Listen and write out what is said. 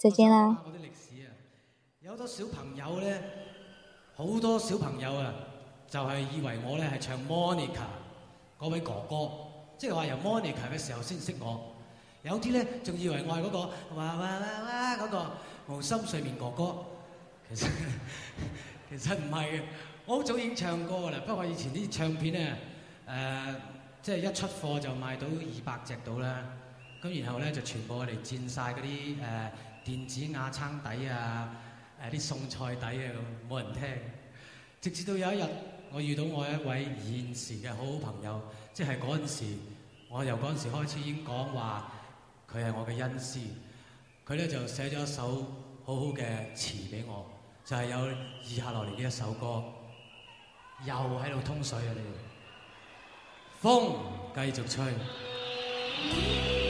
姐姐啦！我啲歷史啊，有好多小朋友咧，好多小朋友啊，就係以為我咧係唱 Monica 嗰位哥哥，即係話由 Monica 嘅時候先識我。有啲咧仲以為我係嗰個哇哇哇哇嗰個無心睡眠哥哥，其實其實唔係嘅。我好早已經唱歌啦，不過以前啲唱片啊，誒，即係一出貨就賣到二百隻到啦，咁然後咧就全部我哋佔曬嗰啲誒。電子瓦撐底啊！誒、啊、啲餸菜底啊咁，冇人聽。直至到有一日，我遇到我一位現時嘅好好朋友，即係嗰陣時，我由嗰陣時開始已經講話佢係我嘅恩師。佢咧就寫咗一首好好嘅詞俾我，就係、是、有以下落嚟嘅一首歌，又喺度通水啊！你個風繼續吹。